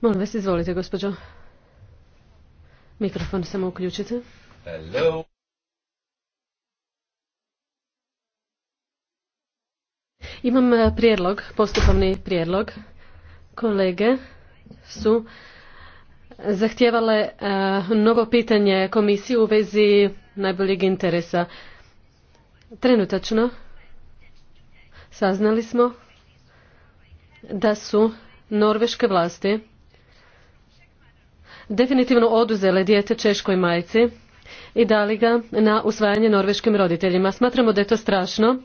Molim vas, izvolite, gospođo. Mikrofon samo uključite. Hello. Imam e, prijedlog, postupovni prijedlog. Kolege su zahtijevale e, novo pitanje komisiji u vezi najboljeg interesa. Trenutačno saznali smo da su norveške vlasti definitivno oduzele dijete češkoj majci i dali ga na usvajanje norveškim roditeljima. Smatramo da je to strašno.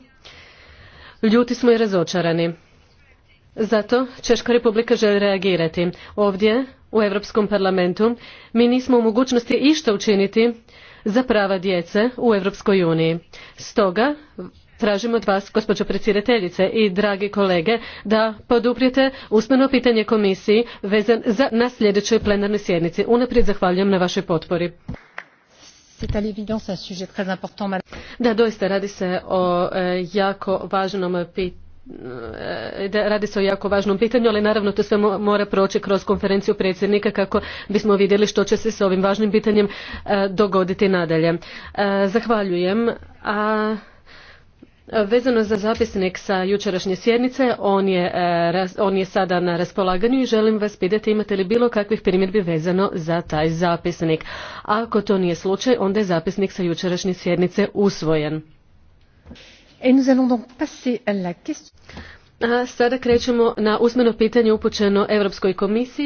Ljuti smo i razočarani. Zato Češka republika želi reagirati. Ovdje, u Europskom parlamentu, mi nismo u mogućnosti išta učiniti za prava djece u Europskoj uniji. Stoga, tražim od vas gospođo predsjedateljice i dragi kolege da poduprijete usmeno pitanje komisiji vezan za, na sljedećoj plenarnoj sjednici. unaprijed zahvaljujem na vašoj potpori. da doista radi se o e, jako važnom pitanju e, radi se o jako važnom pitanju, ali naravno to sve mora proći kroz konferenciju predsjednika kako bismo vidjeli što će se s ovim važnim pitanjem e, dogoditi nadalje. Zahvaljujem. A... Vezano za zapisnik sa jučerašnje sjednice, on je, e, on je sada na raspolaganju i želim vas pitati imate li bilo kakvih primjedbi vezano za taj zapisnik. Ako to nije slučaj, onda je zapisnik sa jučerašnje sjednice usvojen. A sada krećemo na usmeno pitanje upućeno Europskoj komisiji.